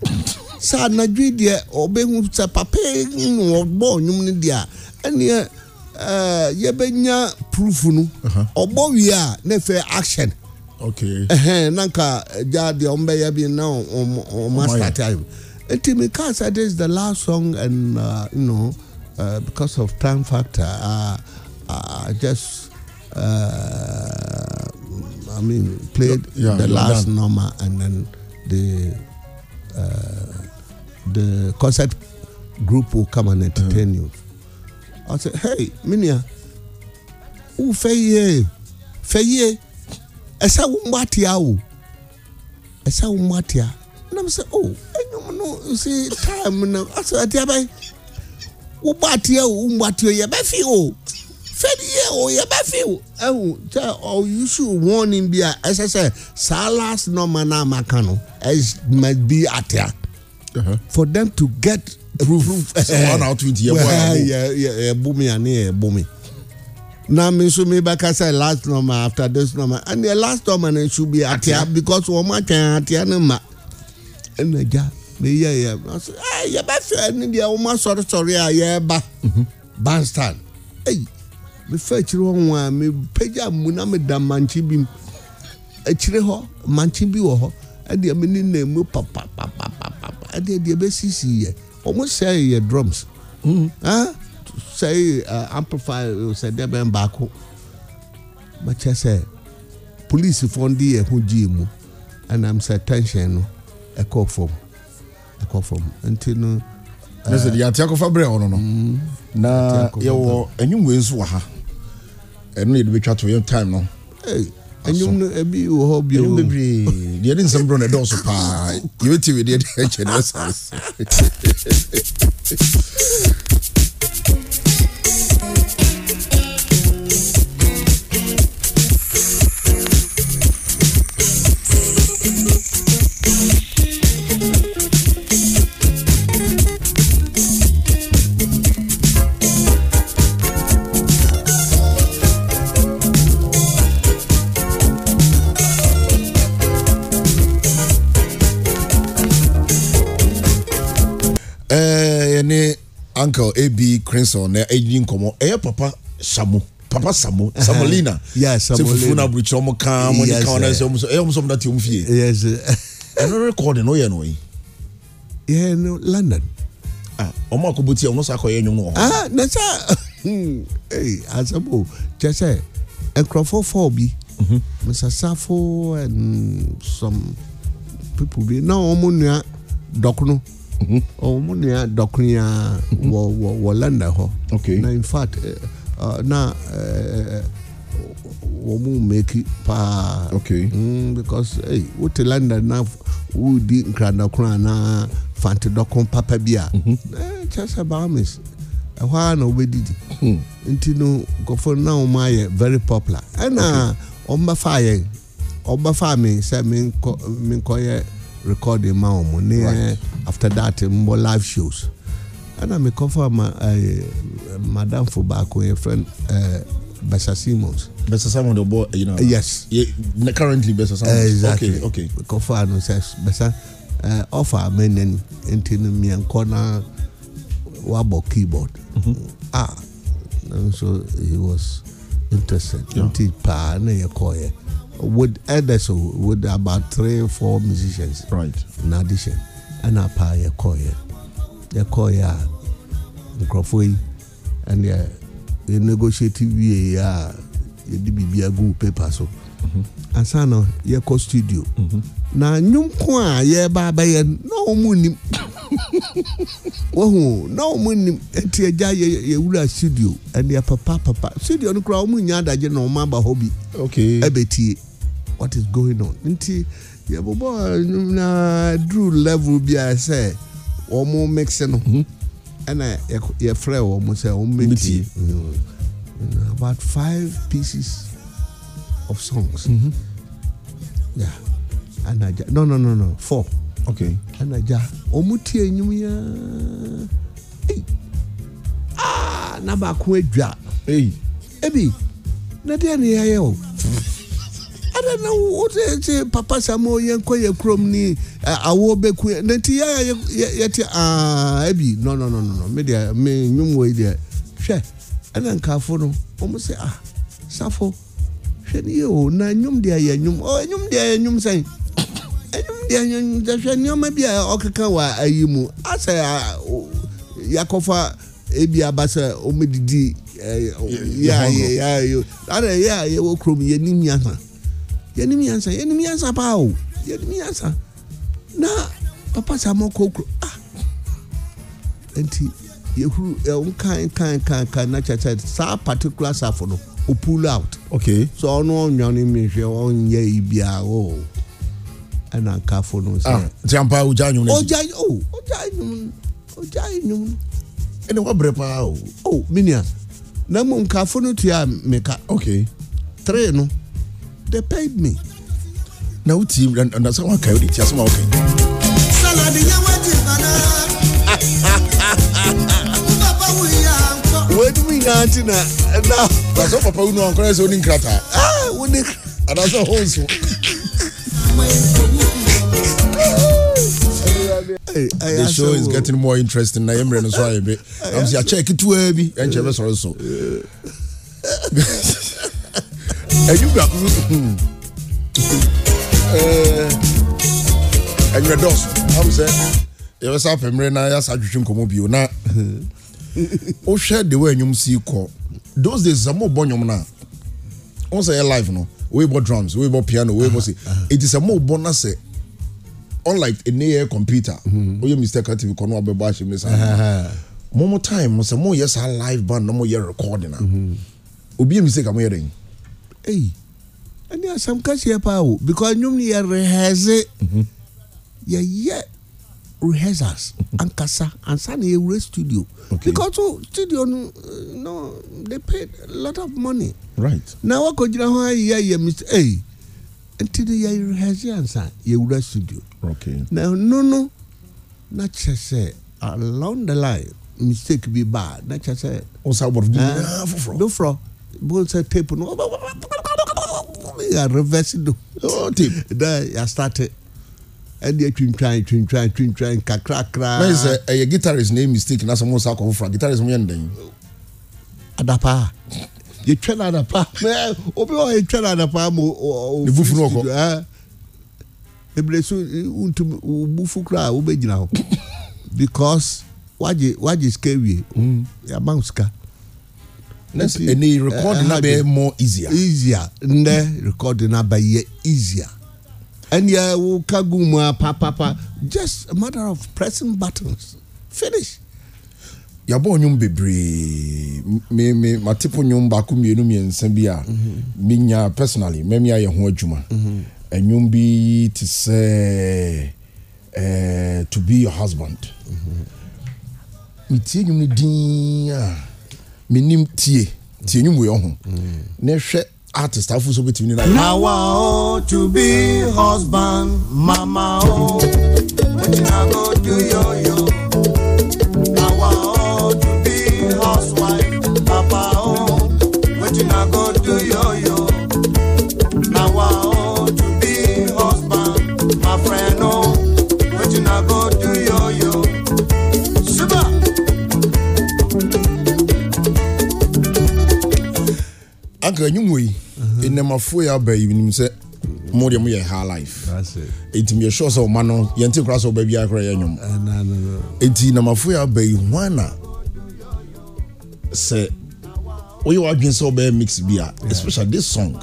sɛ anadwo deɛ ɔbɛhu sɛ papa yi na ɔbɔ ɔnwom no deɛ a ɛɛ yɛbɛnya proof no ɔbɔ wie a na fɛ action okay ɛhɛn nanka gya deɛ ɔmo bɛyɛ bi na ɔmo ɔmo asate ayo nti mi kaa sɛ this is the last song and uh, you know uh, because of time factor uh, I uh, just. Uh, I mean, played yeah, the last done. number and then the uh, the concert group will come and entertain yeah. you. I said, hey, Minia, who feye feye ɛsɛ wo mbɔ atea o ɛsɛ wo mbɔ atea na mi sɛ o oh, ɛnyɛm no si time na asɛ atea bɛ wo mbɔ atea o wo mbɔ atea yɛ bɛ sɛdeɛ ɔyɛbɛfi ɛhu sɛ ɔyusu warning bi a ɛsɛ sɛ saa last nɔma no amaka no must be atea uh-huh. for them to get proof One out with ɛbu mi ani ɛbu mi na mi nso mi bɛka sɛ last number after this number and the last number no should be atea because wɔn atwɛn atea no ma ɛna gya mi yɛ yɛ ɛɛ yɛ bɛ fɛ ɛni deɛ wɔn asɔresɔre a yɛ ba bandstand ɛyi mefa akyire hɔ nwa mepagya mu na meda mankye bi mu akyire hɔ mankye bi wɔ hɔ ɛdeɛ me ne na mu papapapapapa ɛdeɛ deɛ bɛsisi yɛ ɔmo sɛe yɛ drums mm-hmm. sɛe eh, amplify eh, sɛ deɛ bɛn baako makyɛ sɛ polisifoɔ de yɛ ho gyee mu ɛnam sɛ tension no ɛkɔ fam ɛkɔ fam nti no. ɛsɛ de eh, yàtí akɔfa brɛ ɔno no mm-hmm. na yɛwɔ enyimwe nso wɔ ha ɛno na yɛde bɛtwa to yɛn time no ɛnwom no ɛbi wɔ hɔ bio ɛnwom bebree deɛ ne nsɛm borɔ no ɛdɔɔso paa yɛbɛtie wei deɛ de ɛkyɛ no ɛsase uncle ab crimson na ɛyi nkɔmɔ ɛyɛ papa samu papa samu samolina sɛ fufu na aburukyerɛ ɔmo kan mo ne kan ɔna sɛ ɔmo sɛ ɛyɛ ɔmo sɛ ɔmo na te ɔmo fie ɛno rekɔɔdi no yɛ no yi. yɛ no london. Ah, ɔmo akɔbɔ tia ɔno sɛ akɔyɛ ɛnyɔm no wɔ hɔ. Ah, na sɛ ee asɛmó kyɛ sɛ nkurɔfoɔ fɔɔ bi musasafo mhm. and some people bi na ɔmo nua dɔkono. mu nua wọ wọ london họ. na infact na wɔn mu meki paa okay. mm, wote na wodi na anaa fantedɔko papa bi a kyɛ bahamas ɛhɔ na hmm. nti no na wɔn ayɛ very popular ɛna wɔn bɛfa yɛn wɔn mi Recording, ma wɔn mo ne after that mbɔ live shows ɛna mi kɔfɔ ma ɛɛ eh, madamfo baako yɛ friend ɛɛ eh, basa simons. basa simons de bɔ ɛyina. You know, yes. ye currently basa simons. exactly okay okay. kɔfɔ ano sɛ basa ɛɛ ɔfa amɛnɛni nti ni miɛ nkɔ na wabɔ keyboard. Mm-hmm. ah so he was interested. Yeah. nti paa ne yɛ kɔɔ yɛ with elders with about three four musicians. right in addition ɛna paa yɛkɔɔ yɛ yɛkɔɔ yɛ a nkurɔfoɔ yi ɛnna yɛ negotiate wie yɛ a yɛde biribi agu paper so mm-hmm. ansa no yɛkɔ studio mm-hmm. na nnwom ko a ba abɛyɛ na wɔn mu nim. wɔhu na wɔn nim eti agya yɛ yɛwura studio ɛni papa papa studio no kura wɔn nyɛ adagye na wɔn aba hɔ bi okay ɛbɛtie what is going on nti yɛbobɔ ɛnum na duru level bi a sɛ wɔn mix no mhm. ɛna yɛfrɛ wɔn sɛ wɔn mix mm. about five pieces of songs mm -hmm. yeah no no no no four okay. anagya ɔmo tie enyim yaa ei aa ah, na baako adwa ei ebi na deɛ ne yɛayɛ o ada na wote se papa sama yɛnkɔ yɛ kurom ni awo bɛku na nti yɛa yɛte aa ebi no no no no me deɛ me nwom wɔ yi deɛ hwɛ ɛna nkaafo no ɔmo sɛ ah safo hwɛ ne yɛ o na nwom deɛ yɛ nwom ɔ nwom deɛ yɛ nwom sɛn yɛhwɛ nneɛma bi a ɔkeka wɔ ayi mu asɛ yakɔfa ebi aba sɛ ɔmɛdidi yɛayɛ yɛayɛ ara yɛayɛ wɔ kurom yɛni miasa yɛni miasa yɛni miasa paa o yɛni miasa na papa sa ma kɔ kuro ah nti yɛhuru ɛwɔ kan kan kan kan na kyerɛ sɛ saa particular safo no o pull out. okay so ɔno ɔnyanwó mi hwɛ ɔnyɛ ibi a o. Oh ɛna nkafo no sɛ tiampa ogya nwum ogya o ogya nwum ogya nwum ɛna wabrɛ paa o o minia na mu nkafo no tua meka okay three no they paid me na o ti na na sɛ waka o de ti asɛm a wɔka saladi yɛ wati fana papa wu yi ankɔ wɔdum yi ankyi na ɛna wasɔ papa wu na ɔnkɔrɔ yɛ sɛ ɔni nkrataa ah wɔni adaasɛ ɔhɔn the show is oh. getting more interesting na yɛmmerɛ no so ayɛ eh, bi am sɛ akyɛ ketewaa bi ɛnkyɛ bɛsɔre so ɛnwura ɛnwerɛ dɔso am sɛ yɛbɛsa apɛ mmerɛ na yɛasa adwetwe nkɔmmɔ bio na wohwɛ de wa anwom sii kɔ those days sɛ mobɔ nwom no a wo sɛ yɛ live no woebɔ drums woebɔ piano woebɔ se ɛti sɛ mobɔ na sɛ unlike ɛnɛ yɛ computer oyɛ mr katibi kɔnɔ abɛbɔ ahyɛm ne saa mɔmɔ time sɛ mɔ yɛ saa live band na mɔ yɛ recording na obi yɛ mistake a mɔ yɛ dɛ ɛyi ɛni asam kasiɛ paa o because nyom mm-hmm. mm-hmm. ni yɛ rehearse yɛ yɛ rehearsals ankasa ansa na yɛ wura studio okay. because o oh, studio no no they paid a lot of money right na wakɔ gyina hɔ ayi yɛ yɛ mistake ɛyi. Hey, nti no yɛ rehearse ansa yɛwura studio okay. na no no na kyerɛ sɛ along the line mistake bi baa na kyerɛ sɛ ah, foforɔ bɛhu sɛ tape no yɛ reverse do oh, na yɛastarte ɛde atwintwan twintwan twintwan kakrakraa na sɛ ɛyɛ guitarist na ɛyɛ mistake na sɛ mo sa akɔ foforɔ guitarist mo yɛ ndɛn adapaa yɛtwa no anapa ah. obi wɔ yɛtwa no anapa ma ɔfufunu ɔkɔ ebile so eh, wontumi wobufu koraa wobɛgyina hɔ because wagye wagye sika wie mm. yɛama wo sika ɛne record na eh, bɛ more easier easier ndɛ record na bɛ yɛ easier ɛni ɛ eh, wo ka gu mu a papapa just a matter of pressing buttons finish yabɔ nnwom bebree me me matepo nnwom baako mmienu mmiɛnsa bi a mhm. menya personally mɛmi ayɛ ho adwuma mhm. nnwom bi te sɛ ɛɛ eh, to be your husband mhm. metie nnwom no din a menim tie tie nnwom wei ɔho na ɛhwɛ artist afo so betumi nina. nawa o to be husband mama o wetin go do yo yo. anka enyim wɔ yi enamafo yɛ aba yi nim sɛ mo deɛ mo yɛ high life eti mi yɛ sure sɛ ɔma no yɛn ti kura sɛ ɔba bi akora yɛ nyom eti namafo yɛ aba yi hwana sɛ oyɛ wadwin sɛ ɔbɛyɛ mix bi a especially this song.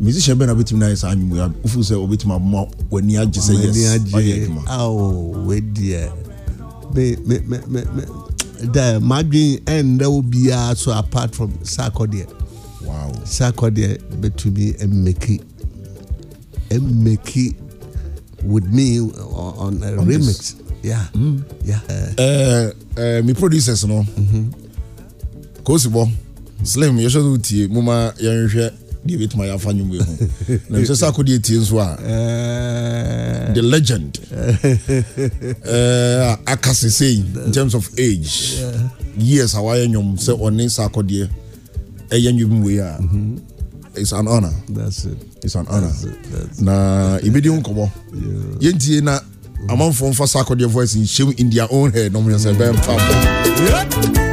musician bɛɛ na bɛ tumi na yɛ saa anyimu ya sɛ o tumi amu wani agye sɛ yes wani agye awo wadiɛ me me me me me da madwin ɛnda obiara so apart from sakɔ deɛ saa kɔ deɛ bɛtumi mmeki mmeki with me on, a uh, on remix this. yeah mm. yeah. ɛɛ ɛɛ mi producers no mm-hmm. koosi bɔ slim yɛsɛ sɛ wotie mo ma yɛnhwɛ deɛ bɛtuma yɛafa nwom yi ho na sɛ sɛ akɔdeɛ tie nso a eh. the legend uh, eh, aka sesei in terms of age years a wayɛ nwom sɛ ɔne sɛ akɔdeɛ ɛyɛ nnwom wei a it's an honor. that's it it's an honour that's it, that's na ebi di nkɔmɔ yɛntie na mm. amanfoɔ nfa sakɔdeɛ voice nhyɛm in their own head na ɔmo yɛ sɛ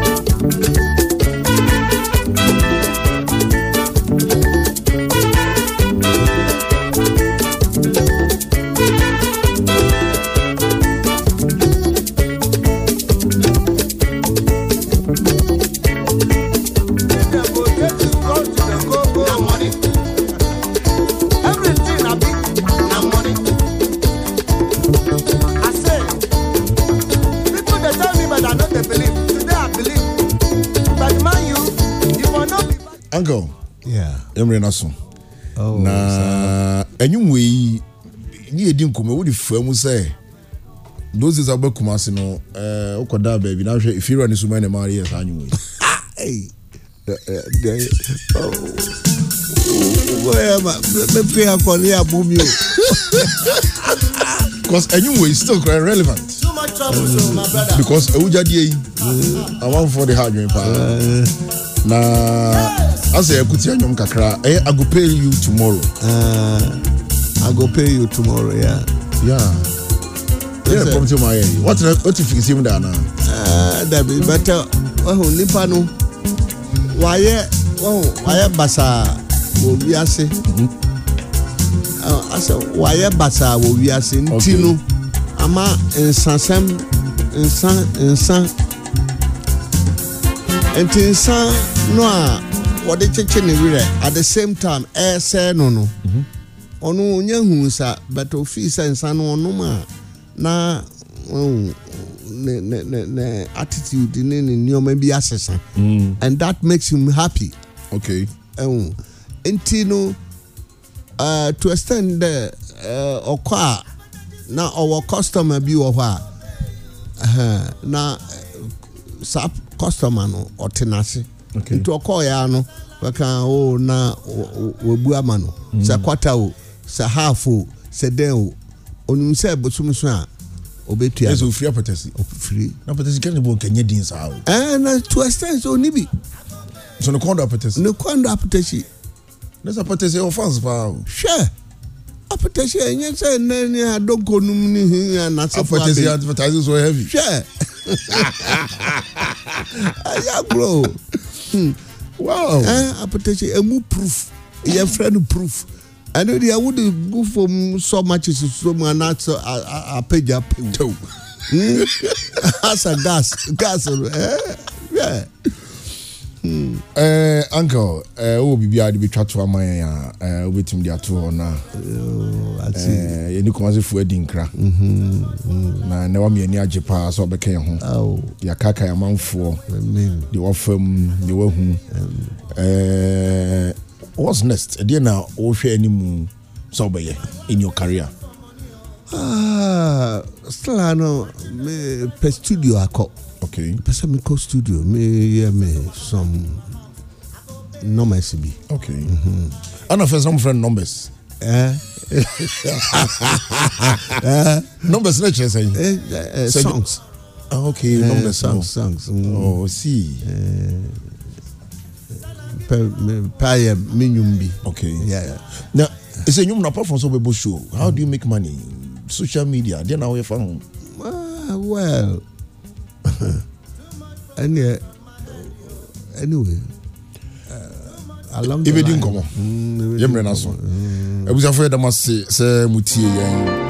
mmerɛ no so oh, na ɛnwom wei ne yɛdi nkɔmmɔ wode fa mu sɛ dose sɛ wobɛkuma ase no eh, wokɔda baabi na hwɛ ɛfiwura no suma ne ma yɛ saa nwom wei mɛpɛ akɔne abo mi o because ɛnwom wei still kora relevant because ɛwogyadeɛ yi amanfoɔ mm. de ha adwene paa eh. na asɛ yɛkutia nwom kakra ɛyɛ i go pay you tomorrow uh, i go pay you tomorrow yeah yeah yɛrɛ pɔm ti ma yɛ yi wɔtena wɔte fikisi mu daana. dabi bɛtɛ ɔhun nipa no wayɛ ɔhun wayɛ basaa wɔ wiase asɛ wayɛ basaa wɔ wiase nti no ama nsasɛm nsa nsa. nti nsa no a wɔde kyekye ne werɛ at the same time ɛresɛɛ no no mhm. ɔno onye hu sa but ofii sɛ nsa no ɔnom a na ne attitude ne ne nneɛma bi asesa mm. and that makes him happy. okay. ɛhu nti no uh, to extend dɛ uh, ɔkɔ a na ɔwɔ customer bi wɔ hɔ a uh, na saa customer no ɔte n'ase nti ɔkɔɔ ya no wɔka o na wɔbu ama no mm. sɛ quarter o sɛ half o sɛ den o onim sɛ bosomso a obetua no ɛsɛ ofiri apɔtɛsi ofiri na apɔtɛsi kɛne bɔ nkɛnyɛ din saa o ɛɛ na to extent so oni bi so ne kɔn do apɔtɛsi ne kɔn do apɔtɛsi ne sɛ apɔtɛsi ɛwɔ fans paa o Sure apɛtɛsi ɛnyɛ sɛ ɛnɛ ni adoko num ni hiya nasefo abe apɛtɛsi advertising so heavy. sɛ ɛyà kúrò wow ɛ apɛtɛsi emu proof yɛ fɛ ni proof ɛnu deɛ awo de gu fom sɔmakye soso mu anasɛ apɛgya pewu asa gas gas ɛɛ. Eh, uncle eh, wo biribiara de bɛtwa to ama yɛn a eh, wobɛtumi de ato hɔ na yɛne kɔmasefoɔ adi nkra mm-hmm, mm-hmm. na ɛnɛ wama yɛni agye paa sɛ wɔbɛka yɛn ho yɛakaka yɛ amanfoɔ deɛ wafam deɛ wahu what's next ɛdeɛ na wohwɛ animu sɛ wobɛyɛ in your career ah, still I know, me, per studio I akɔ Okay. Pese mi ko studio mi yɛ mi some numbers bi. Okay. Mm-hmm. Ana fɛ sɛ mo fɛ numbers. Numbers ne kyerɛ Songs. Ah, okay, numbers songs. Oh. Songs. Mm. Oh, see. Paa yɛ mi nyum bi. Okay. Na ɛsɛ nyum na apart from so bɛ bɔ show how do you make money social media deɛ na wɔyɛ fa ho. Well ɛnneɛ anyway ɛbɛdi uh, nkɔmmɔ mm, yɛmmerɛ no so abusafoɔ yɛdam ase sɛ mutie yɛn